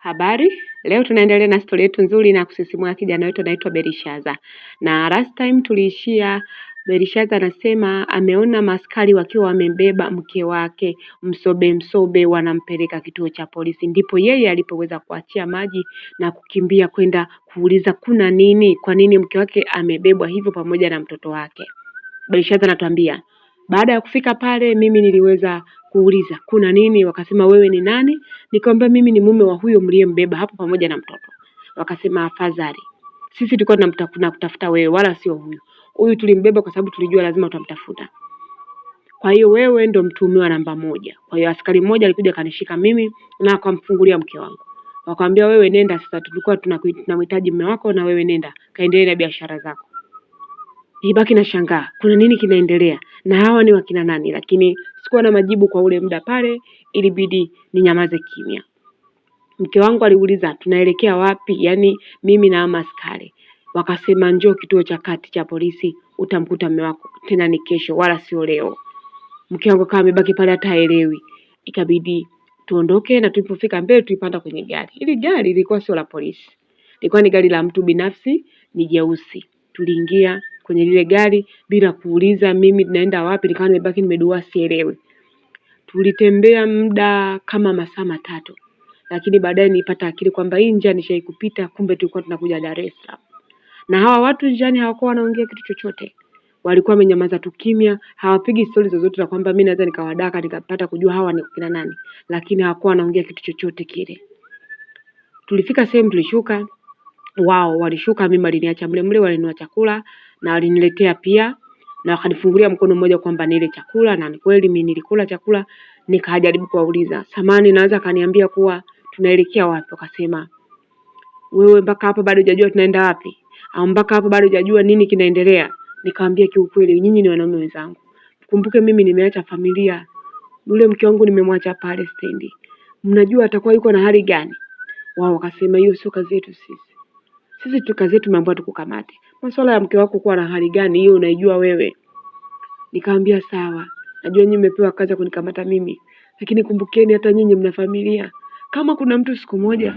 Habari, leo tunaendelea na stori yetu nzuri na kusisimua kijana wetu anaitwa Berishaza. Na last time tuliishia Berishaza anasema ameona maskari wakiwa wamembeba mke wake msobe msobe, wanampeleka kituo cha polisi. Ndipo yeye alipoweza kuachia maji na kukimbia kwenda kuuliza kuna nini, kwa nini mke wake amebebwa hivyo pamoja na mtoto wake. Berishaza anatuambia baada ya kufika pale, mimi niliweza kuuliza kuna nini? Wakasema wewe ni nani? Nikamwambia mimi ni mume wa huyo mliyembeba hapo pamoja na mtoto. Wakasema afadhali, sisi tulikuwa kutafuta wewe, wala sio huyo. Huyu tulimbeba kwa sababu tulijua lazima utamtafuta. kwa hiyo wewe ndo mtuhumiwa namba moja. Kwa hiyo askari mmoja alikuja akanishika mimi na akamfungulia mke wangu, wakamwambia wewe nenda sasa, tulikuwa tunamhitaji mume wako, na wewe nenda kaendelee na biashara zako nibaki na shangaa kuna nini kinaendelea na hawa ni wakina nani, lakini sikuwa na majibu kwa ule muda pale, ilibidi ninyamaze kimya. Mke wangu aliuliza tunaelekea wapi, yaani mimi na amaskari wakasema njoo kituo cha kati cha polisi, utamkuta mume wako, tena ni kesho, wala sio leo. Mke wangu kama amebaki pale hata haelewi, ikabidi tuondoke, na tulipofika mbele tulipanda kwenye gari. Ili gari lilikuwa sio la polisi, lilikuwa ni gari la mtu binafsi, ni jeusi. Tuliingia kwenye lile gari bila kuuliza mimi naenda wapi, nikawa nimebaki nimedua, sielewi. Tulitembea muda kama masaa matatu, lakini baadaye nilipata akili kwamba hii njia nishaikupita, kumbe tulikuwa tunakuja Dar es Salaam. Na hawa watu njiani hawakuwa wanaongea kitu chochote, walikuwa wamenyamaza tu kimya, hawapigi stori zozote za kwamba mimi naweza nikawadaka nikapata kujua hawa ni kina nani, lakini hawakuwa wanaongea kitu chochote kile. Tulifika sehemu tulishuka, wao walishuka, mimi waliniacha mlemle, mle, chakula, na aliniletea pia na akanifungulia mkono mmoja kwamba nile chakula, na ni kweli mimi nilikula chakula. Nikajaribu kuwauliza samani, naweza kaniambia kuwa tunaelekea wapi? Akasema wewe, mpaka hapa bado hujajua tunaenda wapi, au mpaka hapa bado hujajua nini kinaendelea? Nikamwambia kiukweli, nyinyi ni wanaume wenzangu, kumbuke mimi nimeacha familia, yule mke wangu nimemwacha pale stendi, mnajua atakuwa yuko na hali gani? Wao wakasema hiyo sio kazi yetu sisi, sisi tu kazi yetu tumeambiwa tukukamate masuala ya mke wako kuwa na hali gani, hiyo unaijua wewe. Nikamwambia sawa, najua nyinyi mmepewa kazi ya kunikamata mimi, lakini kumbukeni, hata nyinyi mna familia. Kama kuna mtu siku moja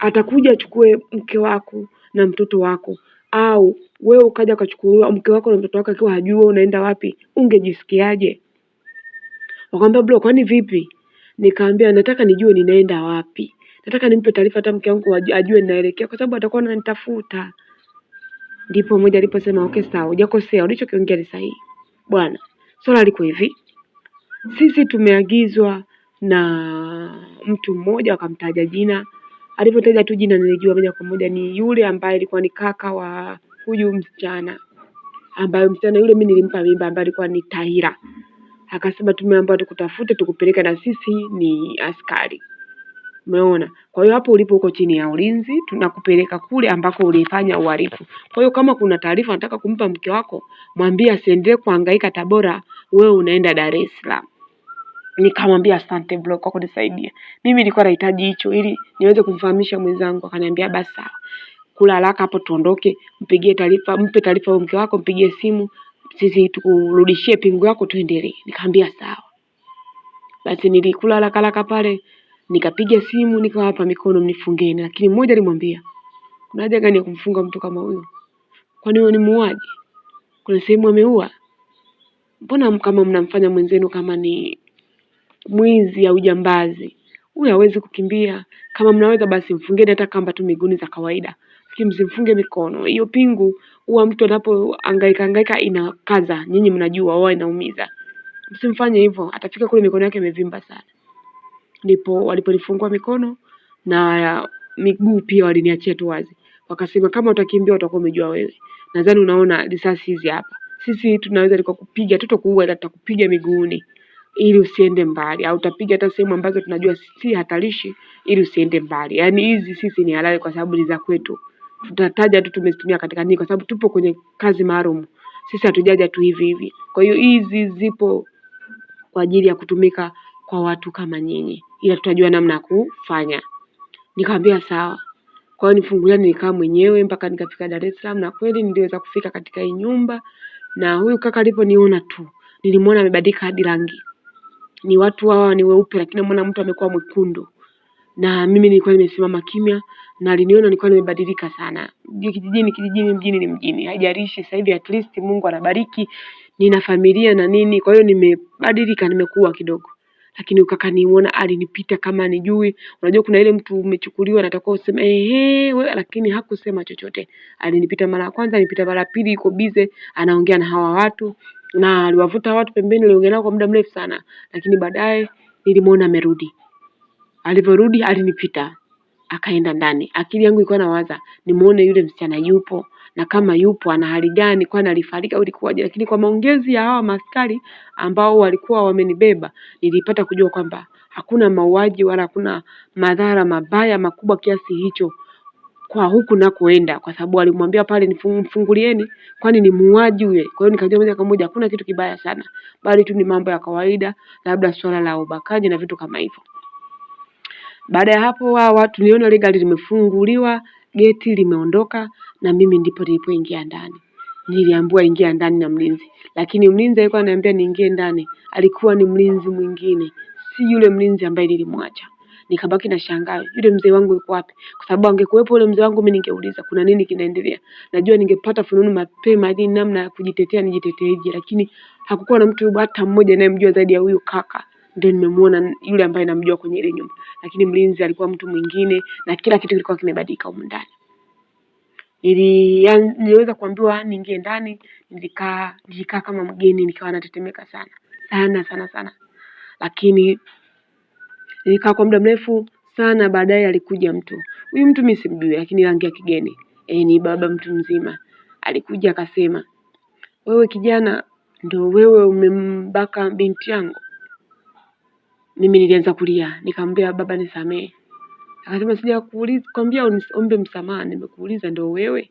atakuja achukue mke wako na mtoto wako, au wewe ukaja ukachukuliwa mke wako na mtoto wako akiwa hajui wewe unaenda wapi, ungejisikiaje? Wakaambia bro, kwani vipi? Nikaambia nataka nijue ninaenda wapi, nataka nimpe taarifa hata mke wangu ajue ninaelekea, kwa sababu atakuwa ananitafuta. Ndipo mmoja aliposema okay, sawa, hujakosea, ulichokiongea ni sahihi bwana. Swala liko hivi, sisi tumeagizwa na mtu mmoja, wakamtaja jina. Alivyotaja tu jina, nilijua moja kwa moja ni yule ambaye alikuwa ni kaka wa huyu msichana, ambaye msichana yule mimi nilimpa mimba, ambaye alikuwa ni Tahira. Akasema tumeambiwa tukutafute, tukupeleka na sisi ni askari Umeona? Kwa hiyo hapo ulipo uko chini ya ulinzi, tunakupeleka kule ambako ulifanya uhalifu. Kwa hiyo kama kuna taarifa unataka kumpa mke wako, mwambie asiendelee kuhangaika Tabora, wewe unaenda Dar es Salaam. Nikamwambia asante bro kwa kunisaidia, mimi nilikuwa nahitaji hicho ili niweze kumfahamisha mwenzangu. Akaniambia basi sawa, kula haraka hapo, tuondoke. Mpigie taarifa, mpe taarifa huyo mke wako, mpigie simu, sisi tukurudishie pingu yako, tuendelee. Nikamwambia sawa. Basi nilikula haraka haraka pale Nikapiga simu nikawapa mikono, mnifungeni. Lakini mmoja alimwambia kuna haja gani ya kumfunga mtu kama huyo? Kwani huyo ni muuaji? Kuna sehemu ameua? Mbona kama mnamfanya mwenzenu kama ni mwizi au jambazi? Huyu hawezi kukimbia. Kama mnaweza basi mfungeni hata kamba tu miguuni za kawaida, lakini msimfunge mikono. Hiyo pingu huwa mtu anapohangaika hangaika inakaza, nyinyi mnajua huwa inaumiza. Msimfanye hivyo, atafika kule mikono yake imevimba sana ndipo waliponifungua mikono na miguu pia waliniachia tu wazi, wakasema kama utakimbia utakuwa umejua wewe. Nadhani unaona risasi hizi hapa, sisi tunaweza tukakupiga tu kuua, ila tutakupiga miguuni ili usiende mbali, au utapiga hata sehemu ambazo tunajua si hatarishi ili usiende mbali. Yaani hizi sisi ni halali kwa sababu ni za kwetu, tutataja tu tumezitumia katika nini, kwa sababu tupo kwenye kazi maalum. Sisi hatujaja tu hivi hivi. Kwa hiyo hizi zipo kwa ajili ya kutumika kwa watu kama nyinyi ila tutajua namna ya kufanya. Nikamwambia sawa. Kwa hiyo nifungulia, nilikaa mwenyewe mpaka nikafika Dar es Salaam, na kweli niliweza kufika katika hii nyumba, na huyu kaka aliponiona tu nilimwona amebadilika hadi rangi. Ni watu hawa ni weupe, lakini namwona mtu amekuwa mwekundu, na mimi nilikuwa nimesimama kimya, na aliniona nilikuwa nimebadilika sana. Kijijini kijijini, mjini ni mjini, haijarishi. Sasa hivi at least Mungu anabariki, nina familia na nini, kwa hiyo nimebadilika, nimekuwa kidogo lakini ukakaniona nimuona alinipita kama nijui. Unajua kuna ile mtu umechukuliwa natakuwa useme ehe, we, lakini hakusema chochote. Alinipita mara ya kwanza, alinipita mara ya pili, yuko bize anaongea na hawa watu na aliwavuta watu pembeni, aliongea nao kwa muda mrefu sana, lakini baadaye nilimwona amerudi. Alivyorudi alinipita akaenda ndani. Akili yangu ilikuwa nawaza nimuone yule msichana yupo na kama yupo ana hali gani, kwani alifariki au ilikuwaje? Lakini kwa maongezi ya hawa maskari ambao walikuwa wamenibeba, nilipata kujua kwamba hakuna mauaji wala hakuna madhara mabaya makubwa kiasi hicho kwa huku nakoenda, kwa sababu alimwambia pale nifungulieni, kwani ni muuaji yule. Kwa hiyo nikajua moja kwa moja hakuna kitu kibaya sana, bali tu ni mambo ya kawaida, labda swala la ubakaji na vitu kama hivyo. Baada ya hapo hawa tuliona ile gari limefunguliwa, geti limeondoka na mimi ndipo nilipoingia ndani. Niliambiwa ingia ndani na mlinzi, lakini mlinzi alikuwa ananiambia niingie ndani, alikuwa ni mlinzi mwingine, si yule mlinzi ambaye nilimwacha. Nikabaki na shangao, yule mzee wangu yuko wapi? Kwa sababu angekuwepo yule mzee wangu, mimi ningeuliza kuna nini kinaendelea. Najua ningepata fununu mapema ili namna ya kujitetea nijiteteeje, lakini hakukuwa na mtu hata mmoja anayemjua zaidi ya huyu kaka ndio nimemuona yule ambaye namjua kwenye ile nyumba, lakini mlinzi alikuwa mtu mwingine na kila kitu kilikuwa kimebadilika humu ndani. Niliweza kuambiwa niingie ndani, nilikaa nilikaa kama mgeni, nikawa natetemeka sana sana sana sana, lakini nilikaa kwa muda mrefu sana. Baadaye alikuja mtu, huyu mtu mimi simjui, lakini rangi ya kigeni e, ni baba mtu mzima. Alikuja akasema, wewe kijana, ndo wewe umembaka binti yangu? Mimi nilianza kulia, nikamwambia baba, nisamee. Akasema sijakwambia ombe msamaha, nimekuuliza ndio wewe.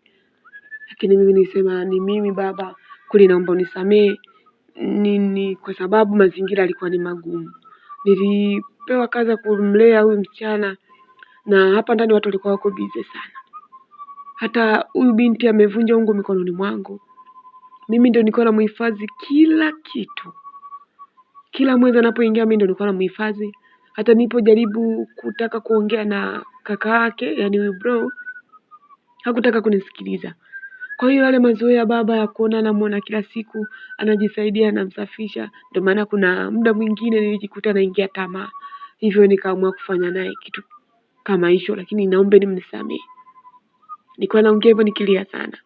Lakini mimi nilisema ni mimi baba, kuli naomba unisamee nini, kwa sababu mazingira yalikuwa ni magumu. Nilipewa kazi ya kumlea huyu msichana, na hapa ndani watu walikuwa wako bize sana. Hata huyu binti amevunja ungo mikononi mwangu, mimi ndio nilikuwa namhifadhi kila kitu kila mwezi anapoingia mimi ndio nilikuwa namhifadhi. Hata nilipojaribu kutaka kuongea na kaka yake, yani huyu bro, hakutaka kunisikiliza. Kwa hiyo yale mazoea ya baba ya kuona anamwona kila siku, anajisaidia, anamsafisha, ndio maana kuna muda mwingine nilijikuta naingia tamaa, hivyo nikaamua kufanya naye kitu kama hicho, lakini naombeni mnisamehe. Nilikuwa naongea hivyo nikilia sana,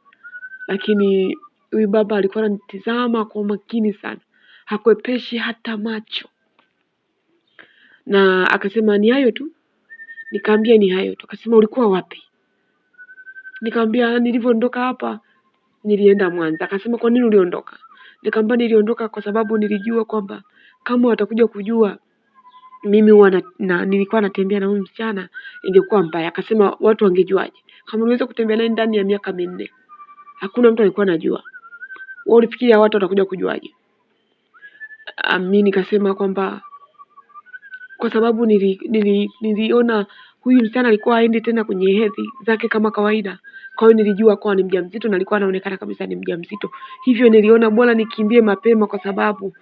lakini huyu baba alikuwa ananitizama kwa umakini sana hakwepeshi hata macho, na akasema ni hayo tu. Nikaambia ni hayo tu. Akasema ulikuwa wapi? Nikamwambia nilivyoondoka hapa nilienda Mwanza. Akasema kwa nini uliondoka? Nikamwambia niliondoka kwa sababu nilijua kwamba kama watakuja kujua mimi huwa na, na, nilikuwa natembea na huyu msichana ingekuwa mbaya. Akasema watu wangejuaje kama uliweza kutembea naye ndani ya miaka minne? Hakuna mtu alikuwa anajua. Wao ulifikiria watu watakuja kujuaje? um, mi nikasema kwamba kwa sababu nili, nili, niliona huyu msichana alikuwa aende tena kwenye hedhi zake kama kawaida. Kwa hiyo nilijua kuwa ni mjamzito na alikuwa anaonekana kabisa ni mjamzito, hivyo niliona bora nikimbie mapema, kwa sababu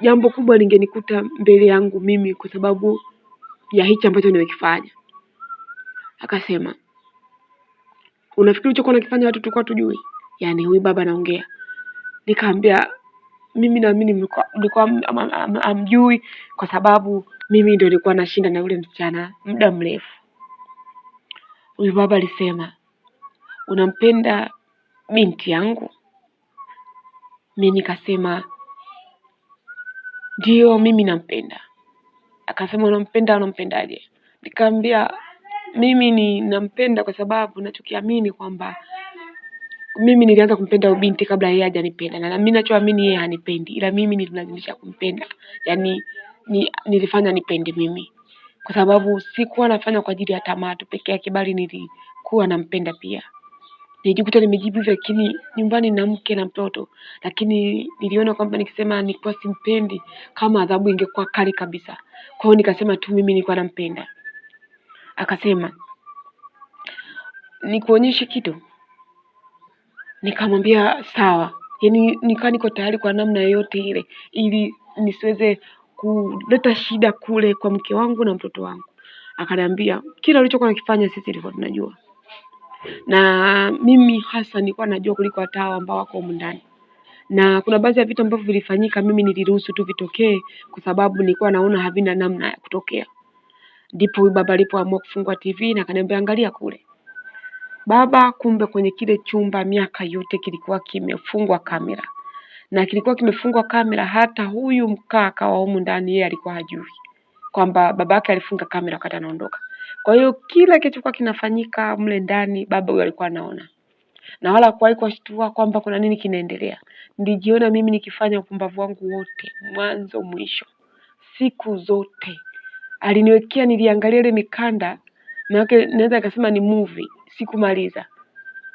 jambo kubwa lingenikuta mbele yangu mimi kwa sababu ya hichi ambacho nimekifanya. Akasema, unafikiri ulichokuwa unakifanya watu tulikuwa tujui? Yani huyu baba anaongea. Nikaambia mimi naamini nilikuwa amjui kwa sababu mimi ndio nilikuwa nashinda na yule msichana muda mrefu. Huyu baba alisema, unampenda binti yangu? Mi nikasema ndio mimi nampenda. Akasema unampenda, unampendaje? Nikamwambia mimi nampenda kwa sababu nachokiamini kwamba mimi nilianza kumpenda ubinti binti kabla yeye hajanipenda, na mimi nachoamini yeye hanipendi, ila mimi nililazimisha kumpenda, Yani ni, nilifanya nipende mimi, kwa sababu sikuwa nafanya kwa ajili ya tamaa tu peke yake, bali nilikuwa nampenda pia. Nilijikuta nimejibu lakini nyumbani na mke na mtoto, lakini niliona kwamba nikisema nilikuwa simpendi, kama adhabu ingekuwa kali kabisa. Kwa hiyo nikasema tu mimi nilikuwa nampenda. Akasema nikuonyeshe kitu Nikamwambia sawa, yaani nikawa niko tayari kwa namna yoyote ile, ili nisiweze kuleta shida kule kwa mke wangu na mtoto wangu. Akaniambia kila ulichokuwa nakifanya sisi tulikuwa tunajua, na mimi hasa nilikuwa najua kuliko hata hao ambao wako humu ndani na kuna baadhi ya vitu ambavyo vilifanyika, mimi niliruhusu tu vitokee kwa sababu nilikuwa naona havina namna ya kutokea. Ndipo huyu baba alipoamua kufungua TV na akaniambia angalia kule. Baba kumbe kwenye kile chumba miaka yote kilikuwa kimefungwa kamera, na kilikuwa kimefungwa kamera hata huyu mkaka wa humu ndani yeye alikuwa hajui kwamba babake alifunga kamera wakati anaondoka. Kwa hiyo kila kilichokuwa kinafanyika mle ndani baba huyo alikuwa anaona na wala hakuwahi kuwashtua kwamba kuna nini kinaendelea. Nilijiona mimi nikifanya upumbavu wangu wote, mwanzo mwisho, siku zote aliniwekea. Niliangalia ile mikanda, maanake naweza nikasema ni movie sikumaliza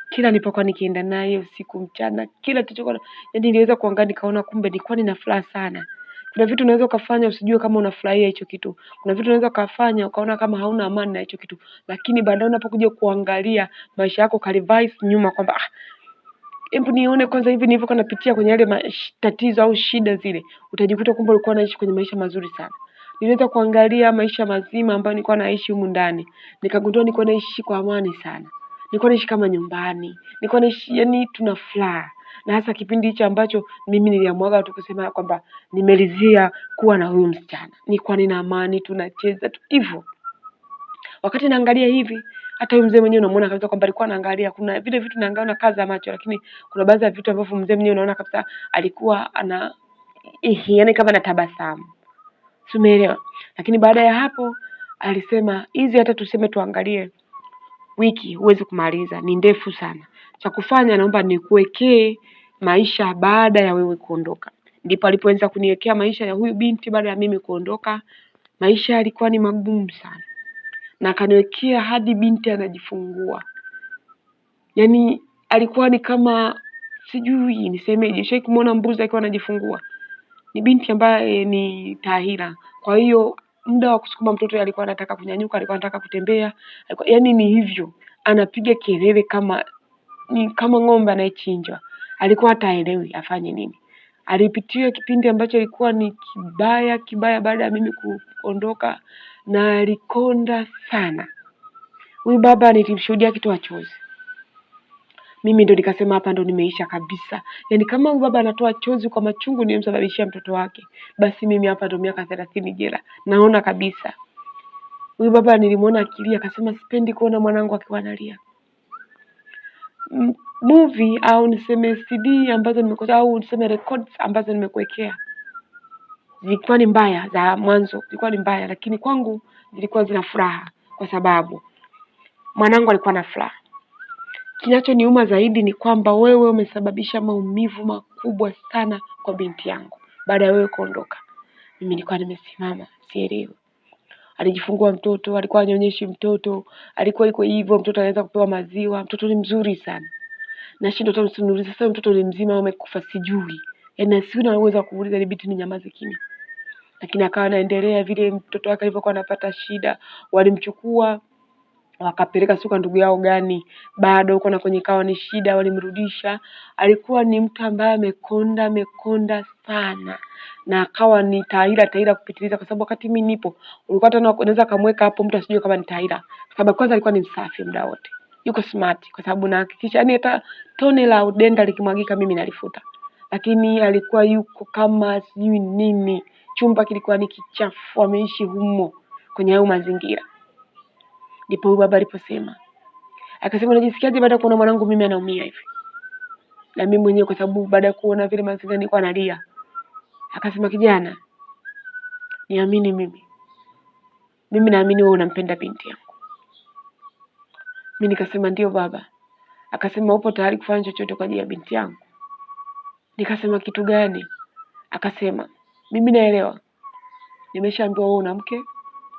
kila nilipokuwa nikienda naye usiku mchana, kila tulichokuwa yani, niliweza kuangaa nikaona kumbe nilikuwa nina furaha sana. Kuna vitu unaweza ukafanya usijue kama unafurahia hicho kitu, kuna vitu unaweza ukafanya ukaona kama hauna amani na hicho kitu, lakini baadaye unapokuja kuangalia maisha yako ukarevise nyuma kwamba ah, hebu nione kwanza hivi nilivyokuwa napitia kwenye yale tatizo au shida zile, utajikuta kumbe ulikuwa unaishi kwenye maisha mazuri sana niliweza kuangalia maisha mazima ambayo nilikuwa naishi humu ndani, nikagundua nilikuwa naishi kwa amani sana, nilikuwa naishi kama nyumbani, nilikuwa naishi yani tuna furaha na hasa kipindi hicho ambacho mimi niliamwaga tu kusema kwamba nimelizia kuwa na huyu msichana, ni kwa nina amani, tunacheza tu hivyo. Wakati naangalia hivi, hata huyu mzee mwenyewe unamuona kabisa kwamba alikuwa anaangalia, kuna vile vitu naangalia na kaza macho, lakini kuna baadhi ya vitu ambavyo mzee mwenyewe unaona kabisa alikuwa ana eh, yani kama anatabasamu. Tumeelewa. Lakini baada ya hapo alisema hizi hata tuseme tuangalie wiki huwezi kumaliza, ni ndefu sana. Cha kufanya naomba nikuwekee maisha baada ya wewe kuondoka. Ndipo alipoanza kuniwekea maisha ya huyu binti baada ya mimi kuondoka. Maisha yalikuwa ni magumu sana, na akaniwekea hadi binti anajifungua. Yaani alikuwa ni kama sijui nisemeje, shai kumwona mbuzi akiwa anajifungua ni binti ambaye ni tahira, kwa hiyo muda wa kusukuma mtoto alikuwa anataka kunyanyuka, alikuwa anataka kutembea, alikuwa yani ni hivyo, anapiga kelele kama ni kama ng'ombe anayechinjwa, alikuwa hataelewi afanye nini. Alipitia kipindi ambacho ilikuwa ni kibaya kibaya baada ya mimi kuondoka, na alikonda sana. Huyu baba nilimshuhudia akitoa chozi mimi ndo nikasema hapa ndo nimeisha kabisa. Yani kama huyu baba anatoa chozi kwa machungu niyomsababishia mtoto wake, basi mimi hapa ndo miaka thelathini jela, naona kabisa. Huyu baba nilimwona akilia, akasema sipendi kuona mwanangu akiwa analia. Movie au niseme CD ambazo nimekuwa au niseme records ambazo nimekuwekea zilikuwa ni mbaya, za mwanzo zilikuwa ni mbaya, lakini kwangu zilikuwa zina furaha, kwa sababu mwanangu alikuwa na furaha. Kinachoniuma zaidi ni kwamba wewe umesababisha maumivu makubwa sana kwa binti yangu baada ya wewe kuondoka. Mimi nilikuwa nimesimama, sielewi. Alijifungua mtoto, alikuwa anyonyeshi mtoto, alikuwa iko hivyo, mtoto anaweza kupewa maziwa, mtoto ni mzuri sana. Nashindwa hata msimulize sasa mtoto ni mzima au amekufa sijui. Yaani sina uwezo wa kuuliza ile binti ninyamaze kimya. Lakini akawa anaendelea vile mtoto wake alivyokuwa anapata shida, walimchukua wakapeleka sio kwa ndugu yao gani, bado huko na kwenye kawa ni shida, walimrudisha. Alikuwa ni mtu ambaye amekonda amekonda sana, na akawa ni taira taira kupitiliza, kwa sababu wakati mimi nipo ulikuwa tena unaweza kamweka hapo mtu asijue kama ni taira, kwa sababu kwanza alikuwa ni msafi muda wote, yuko smart, kwa sababu nahakikisha yani hata tone la udenda likimwagika mimi nalifuta, lakini alikuwa yuko kama sijui nini, chumba kilikuwa ni kichafu, ameishi humo kwenye hayo mazingira. Ndipo huyu baba aliposema, akasema unajisikiaje baada ya kuona mwanangu mimi anaumia hivi? Na mimi mwenyewe kwa sababu baada ya kuona vile mazingira nilikuwa analia. Akasema kijana, niamini mimi, mimi naamini wewe unampenda binti yangu. Mimi nikasema ndio baba. Akasema upo tayari kufanya chochote kwa ajili ya binti yangu? Nikasema kitu gani? Akasema mimi naelewa, nimeshaambiwa wewe una mke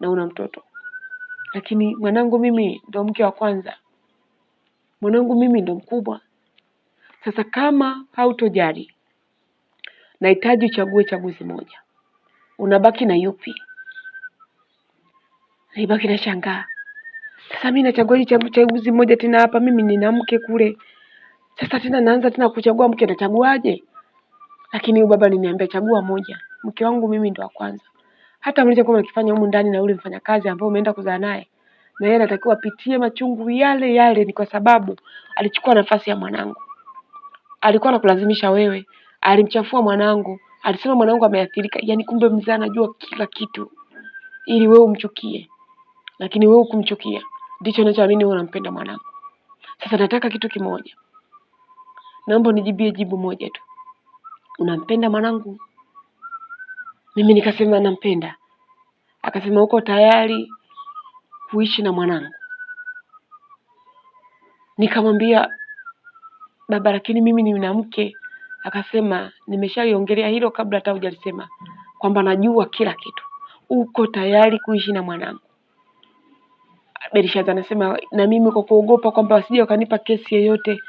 na una mtoto, lakini mwanangu mimi ndo mke wa kwanza, mwanangu mimi ndo mkubwa. Sasa kama hautojali, nahitaji uchague chaguzi moja. Unabaki na yupi? Naibaki na shangaa sasa mi nachagua hii chaguzi moja tena, hapa mimi nina mke kule. Sasa tena naanza tena kuchagua mke, nachaguaje? Lakini huyu baba niniambia chagua moja, mke wangu mimi ndo wa kwanza hata mlichokuwa mkifanya humu ndani na yule mfanyakazi ambao umeenda kuzaa naye, na yeye anatakiwa apitie machungu yale yale, ni kwa sababu alichukua nafasi ya mwanangu. Alikuwa anakulazimisha wewe, alimchafua mwanangu, alisema mwanangu ameathirika. Yani kumbe mzee anajua kila kitu ili wewe umchukie, lakini wewe ukumchukia. Ndicho ninachoamini wewe unampenda mwanangu. Sasa nataka kitu kimoja, naomba unijibie jibu moja tu, unampenda mwanangu mimi nikasema nampenda. Akasema uko tayari kuishi na mwanangu? Nikamwambia baba, lakini mimi ni mwanamke. Akasema nimeshaliongelea hilo kabla hata hujalisema, kwamba najua kila kitu, uko tayari kuishi na mwanangu. Berishazana anasema na mimi kwa kuogopa kwamba wasije wakanipa kesi yoyote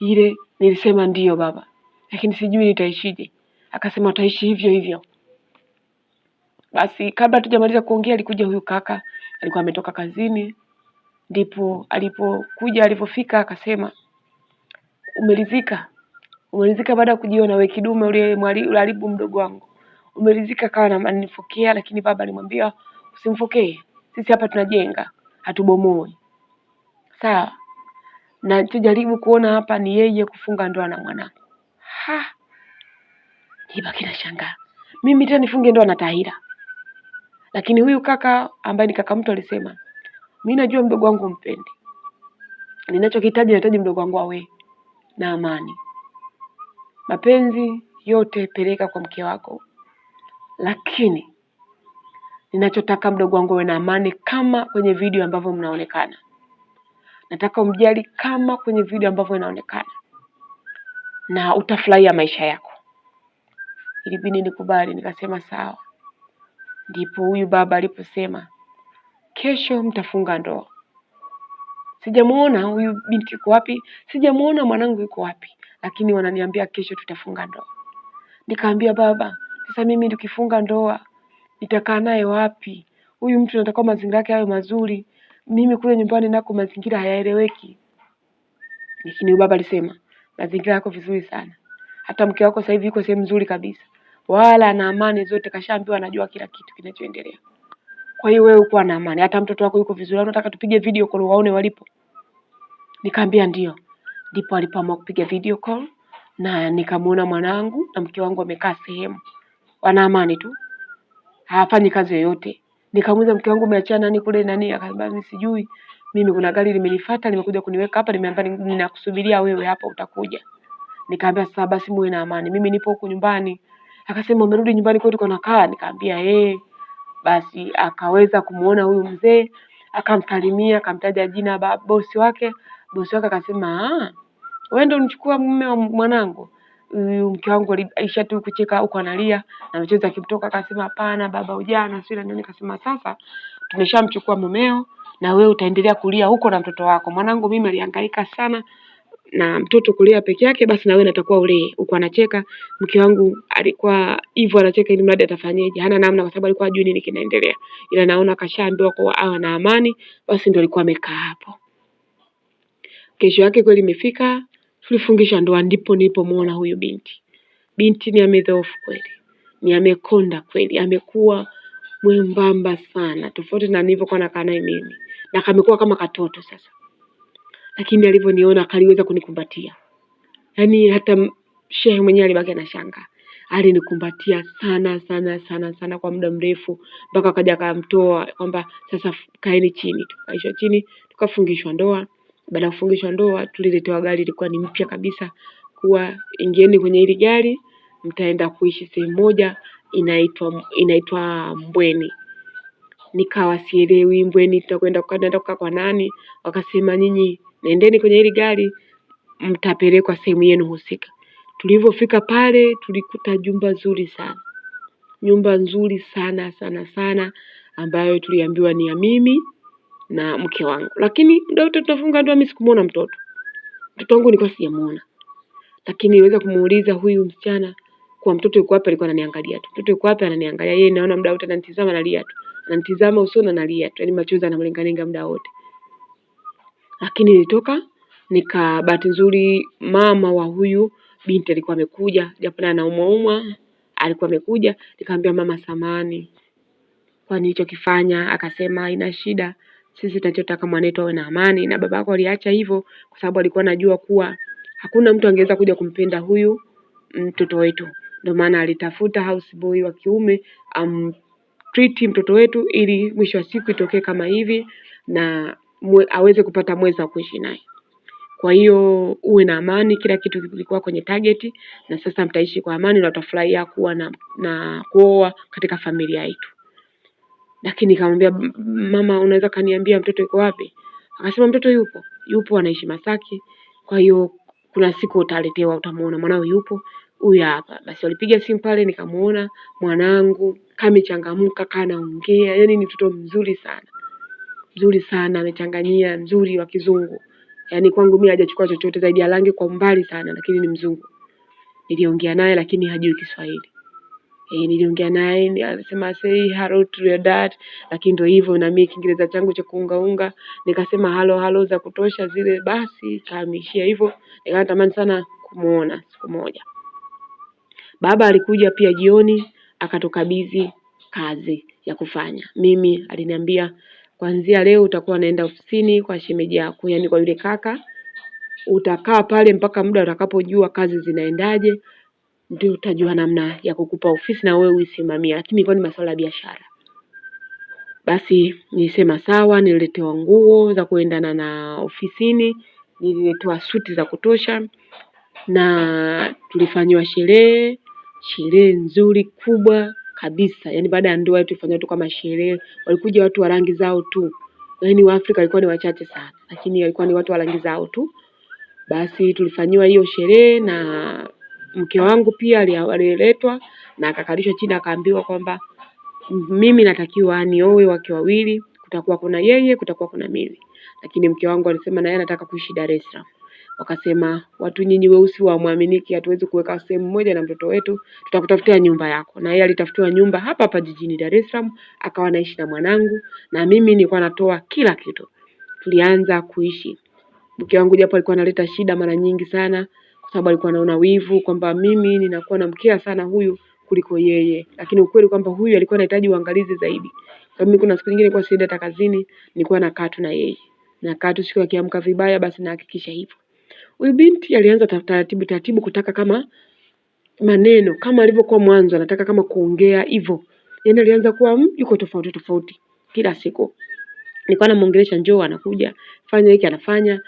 ile, nilisema ndiyo baba, lakini sijui nitaishije. Akasema utaishi hivyo hivyo. Basi kabla tujamaliza kuongea, alikuja huyu kaka, alikuwa ametoka kazini. Ndipo alipokuja alipofika, akasema umeridhika, umeridhika baada ya kujiona we kidume ule haribu mdogo wangu, umeridhika? Kawa ananifokea, lakini baba alimwambia usimfokee, sisi hapa tunajenga, hatubomoi sawa, na tujaribu kuona hapa ni yeye kufunga ndoa na mwanangu. Ha, Ibaki shangaa mimi tena nifunge ndoa na Tahira? Lakini huyu kaka ambaye ni kaka mtu alisema, mimi najua mdogo wangu mpendi, ninachokihitaji nahitaji mdogo wangu awe na amani. Mapenzi yote peleka kwa mke wako, lakini ninachotaka mdogo wangu awe na amani, kama kwenye video ambavyo mnaonekana. Nataka umjali kama kwenye video ambavyo inaonekana, na utafurahia maisha yako. Ilibidi nikubali, nikasema sawa ndipo huyu baba aliposema kesho mtafunga ndoa. Sijamuona huyu binti yuko wapi, sijamuona mwanangu yuko wapi, lakini wananiambia kesho tutafunga ndoa. Nikaambia baba, sasa mimi tukifunga ndoa nitakaa naye wapi? Huyu mtu natakiwa mazingira yake yawe mazuri, mimi kule nyumbani nako mazingira hayaeleweki. Lakini huyu baba alisema mazingira yako vizuri sana, hata mke wako sasa hivi yuko sehemu nzuri kabisa, wala ana amani zote, kashaambiwa anajua kila kitu kinachoendelea. Kwa hiyo wewe uko na amani, hata mtoto wako yuko vizuri. Unataka tupige video call waone walipo? Nikaambia ndio. Ndipo alipoamua kupiga video call na nikamwona mwanangu na mke wangu wamekaa sehemu, wana amani tu, hawafanyi kazi yoyote. Nikamuuliza mke wangu, umeachia nani kule nani? Akasema mimi sijui, mimi kuna gari limenifuata limekuja kuniweka hapa, nimeambia ninakusubiria wewe hapa, utakuja. Nikaambia sasa basi muwe na amani, mimi nipo huku nyumbani Akasema umerudi nyumbani kwetu kanakaa? Nikaambia eh. Basi akaweza kumuona huyu mzee, akamsalimia, akamtaja jina bosi wake. Bosi wake akasema ah, wewe ndio unichukua mume wa mwanangu huyu mke wangu aliisha tu kucheka huko analia na machozi akimtoka, akasema hapana baba, ujana sio nini. Akasema sasa tumeshamchukua mumeo, na wewe utaendelea kulia huko na mtoto wako. Mwanangu mimi alihangaika sana, na mtoto kulia peke yake, basi na wewe natakuwa ule uko anacheka. Mke wangu alikuwa hivyo anacheka, ili mradi atafanyeje, hana namna, kwa sababu alikuwa ajui nini kinaendelea, ila naona kashaambiwa kwa awa na amani, basi ndio alikuwa amekaa hapo. Kesho yake kweli imefika, tulifungisha ndoa, ndipo nilipomwona huyu binti. Binti ni amedhoofu kweli, ni amekonda kweli, amekuwa mwembamba sana, tofauti na nilivyokuwa nakaa naye mimi, na kamekuwa kama katoto sasa lakini alivyoniona akaliweza kunikumbatia. Yaani hata shehe mwenyewe alibaki shanga, Alinikumbatia sana sana sana sana kwa muda mrefu mpaka akaja akamtoa kwamba sasa kaeni chini. Tukaishwa chini, tukafungishwa ndoa. Baada ya kufungishwa ndoa, tuliletewa gari ilikuwa ni mpya kabisa, kuwa ingieni kwenye hili gari, mtaenda kuishi sehemu moja inaitwa inaitwa Mbweni. Nikawa sielewi Mbweni tutakwenda naenda kukaa kwa nani? Wakasema nyinyi nendeni kwenye hili gari mtapelekwa sehemu yenu husika. Tulivyofika pale tulikuta jumba zuri sana, nyumba nzuri sana sana sana, ambayo tuliambiwa ni ya mimi na mke wangu, lakini muda wote tunafunga ndoa, mimi sikumwona mtoto, mtoto wangu nilikuwa sijamuona, lakini niweza kumuuliza huyu msichana kwa mtoto yuko wapi, alikuwa ananiangalia tu, mtoto yuko wapi, ananiangalia yeye, naona muda wote ananitizama, analia tu, ananitizama usoni, analia tu, yaani machozi lenga muda wote lakini nilitoka nika, bahati nzuri mama wa huyu binti alikuwa amekuja, japo naye anaumwaumwa, alikuwa amekuja. Nikamwambia mama, samani kwa nilichokifanya. Akasema ina shida, sisi tunachotaka mwanetu awe na amani, na babako aliacha hivyo kwa sababu alikuwa anajua kuwa hakuna mtu angeweza kuja kumpenda huyu mtoto wetu, ndio maana alitafuta houseboy wa kiume am treat mtoto wetu, ili mwisho wa siku itokee kama hivi na mwe, aweze kupata mweza kuishi naye. Kwa hiyo uwe na amani, kila kitu kilikuwa kwenye target, na sasa mtaishi kwa amani na utafurahia kuwa na, na kuoa katika familia yetu. Lakini nikamwambia mama, unaweza kaniambia mtoto yuko wapi? Akasema mtoto yupo yupo, anaishi Masaki. Kwa hiyo kuna siku utaletewa, utamuona mwanao yupo huyu hapa. Basi walipiga simu pale, nikamuona mwanangu, kamechangamka, kanaongea, yaani ni mtoto mzuri sana mzuri sana, amechanganyia mzuri wa kizungu. Yaani kwangu mimi hajachukua chochote zaidi ya rangi kwa umbali sana, lakini ni mzungu. Niliongea naye lakini hajui Kiswahili. E, niliongea naye alisema say hello to your dad, lakini ndio hivyo na mimi Kiingereza changu cha kuungaunga nikasema halo halo za kutosha zile, basi kaamishia hivyo. Nikawa natamani sana kumuona siku moja. Baba alikuja pia jioni, akatukabidhi kazi ya kufanya. Mimi aliniambia kuanzia leo utakuwa unaenda ofisini kwa shemeji yako, yani kwa yule kaka. Utakaa pale mpaka muda utakapojua kazi zinaendaje, ndio utajua namna ya kukupa ofisi na wewe uisimamia, lakini kwa ni masuala ya biashara. Basi nilisema sawa, nililetewa nguo za kuendana na ofisini, nililetewa suti za kutosha na tulifanyiwa sherehe, sherehe nzuri kubwa kabisa, yani baada ya ndoa yetu ifanywa tu kama sherehe. Walikuja watu wa rangi zao tu, yani Waafrika walikuwa ni wachache sana, lakini walikuwa ni watu wa rangi zao tu. Basi tulifanyiwa hiyo sherehe na mke wangu pia aliletwa na akakalishwa chini, akaambiwa kwamba mimi natakiwa nioe wake wawili, kutakuwa kuna yeye, kutakuwa kuna mimi. Lakini mke wangu alisema na yeye anataka kuishi Dar es Salaam wakasema, watu nyinyi weusi wa wamwaminiki, hatuwezi kuweka sehemu moja na mtoto wetu, tutakutafutia nyumba yako. Na yeye alitafutiwa nyumba hapa hapa jijini Dar es Salaam, akawa naishi na mwanangu, na mimi nilikuwa natoa kila kitu. Tulianza kuishi. Mke wangu japo alikuwa analeta shida mara nyingi sana, kwa sababu alikuwa anaona wivu kwamba mimi ninakuwa namkea sana huyu kuliko yeye, lakini ukweli kwamba huyu alikuwa anahitaji uangalizi zaidi. Kwa mimi kuna siku nyingine nilikuwa sienda hata kazini, nilikuwa nakaa tu na yeye nakaa tu, siku akiamka vibaya, basi nahakikisha hivyo. Huyu binti alianza taratibu taratibu kutaka kama maneno kama alivyokuwa mwanzo, anataka kama kuongea hivyo, yaani alianza kuwa mm, yuko tofauti tofauti kila siku. Nilikuwa namuongelesha njoo, anakuja fanya hiki, anafanya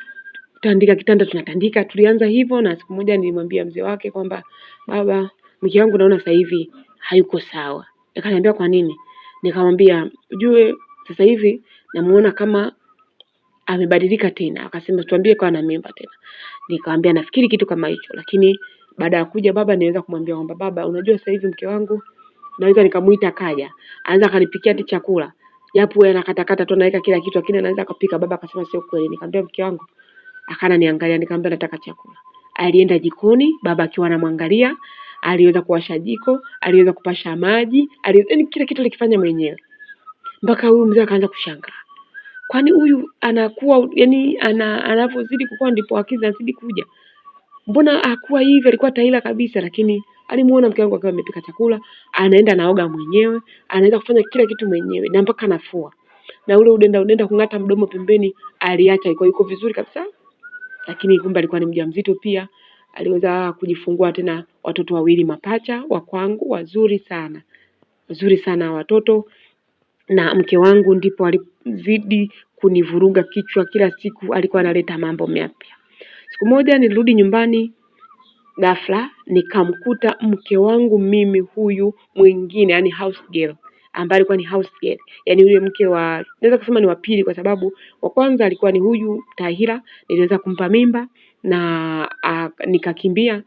tandika kitanda, tunatandika. Tulianza hivyo, na siku moja nilimwambia mzee wake kwamba baba, mke wangu naona sasa hivi hayuko sawa. Akaniambia kwa nini? Nikamwambia ujue, sasa hivi namuona kama amebadilika tena, akasema tuambie kwa na mimba tena. Nikamwambia nafikiri kitu kama hicho, lakini baada ya kuja baba niweza kumwambia kwamba baba, unajua sasa hivi mke wangu naweza nikamuita kaja, anaweza akanipikia hati chakula japo yeye anakatakata tu anaweka kila kitu, lakini anaweza kupika. Baba akasema sio kweli. Nikamwambia mke wangu, akana niangalia, nikamwambia nataka chakula. Alienda jikoni, baba akiwa anamwangalia, aliweza kuwasha jiko, aliweza kupasha maji, aliweza kila kitu alikifanya mwenyewe, mpaka huyu mzee akaanza kushangaa kwani huyu anakuwa yani ana, anavyozidi kukua ndipo akili zinazidi kuja. Mbona hakuwa hivi? Alikuwa taila kabisa, lakini alimuona mke wangu akiwa amepika chakula, anaenda naoga mwenyewe, anaenda kufanya kila kitu mwenyewe na mpaka nafua. Na ule udenda udenda kung'ata mdomo pembeni aliacha, iko yuko vizuri kabisa, lakini kumbe alikuwa ni mjamzito pia. Aliweza kujifungua tena watoto wawili mapacha wa kwangu, wazuri sana, wazuri sana watoto na mke wangu ndipo alipo zidi kunivuruga kichwa, kila siku alikuwa analeta mambo mapya. Siku moja nilirudi nyumbani ghafla nikamkuta mke wangu mimi huyu mwingine, yani house girl ambaye alikuwa ni house girl, yani yule mke wa naweza kusema ni wa pili, kwa sababu wa kwanza alikuwa ni huyu Tahira, niliweza kumpa mimba na a, nikakimbia.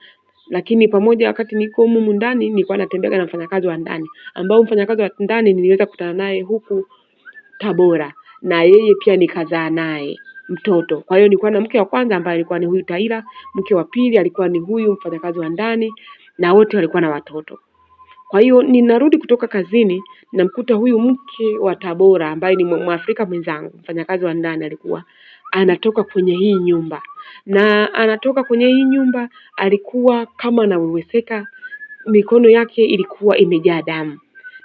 Lakini pamoja wakati niko humu ndani nilikuwa natembea na mfanyakazi wa ndani, ambao mfanyakazi wa ndani niliweza kukutana naye huku Tabora na yeye pia nikazaa naye mtoto. Kwa hiyo nilikuwa na mke wa kwanza ambaye alikuwa ni huyu taira mke wa pili alikuwa ni huyu mfanyakazi wa ndani, na wote walikuwa na watoto. Kwa hiyo ninarudi kutoka kazini, namkuta huyu mke wa Tabora ambaye ni Mwafrika mwenzangu, mfanyakazi wa ndani alikuwa anatoka kwenye hii nyumba, na anatoka kwenye hii nyumba alikuwa kama anaweweseka, mikono yake ilikuwa imejaa damu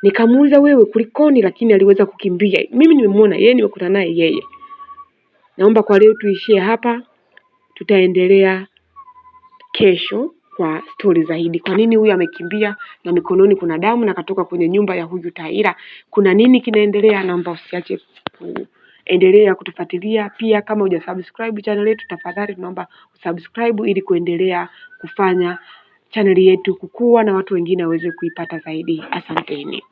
nikamuuliza wewe kulikoni, lakini aliweza kukimbia. Mimi nimemwona yeye, nimekuta naye yeye. Naomba kwa leo tuishie hapa, tutaendelea kesho kwa stori zaidi. Kwa nini huyu amekimbia na mikononi kuna damu na katoka kwenye nyumba ya huyu Taira? Kuna nini kinaendelea? Naomba usiache kuendelea kutufuatilia. Pia kama hujasubscribe channel yetu, tafadhali tunaomba usubscribe ili kuendelea kufanya chaneli yetu kukua na watu wengine waweze kuipata zaidi. Asanteni.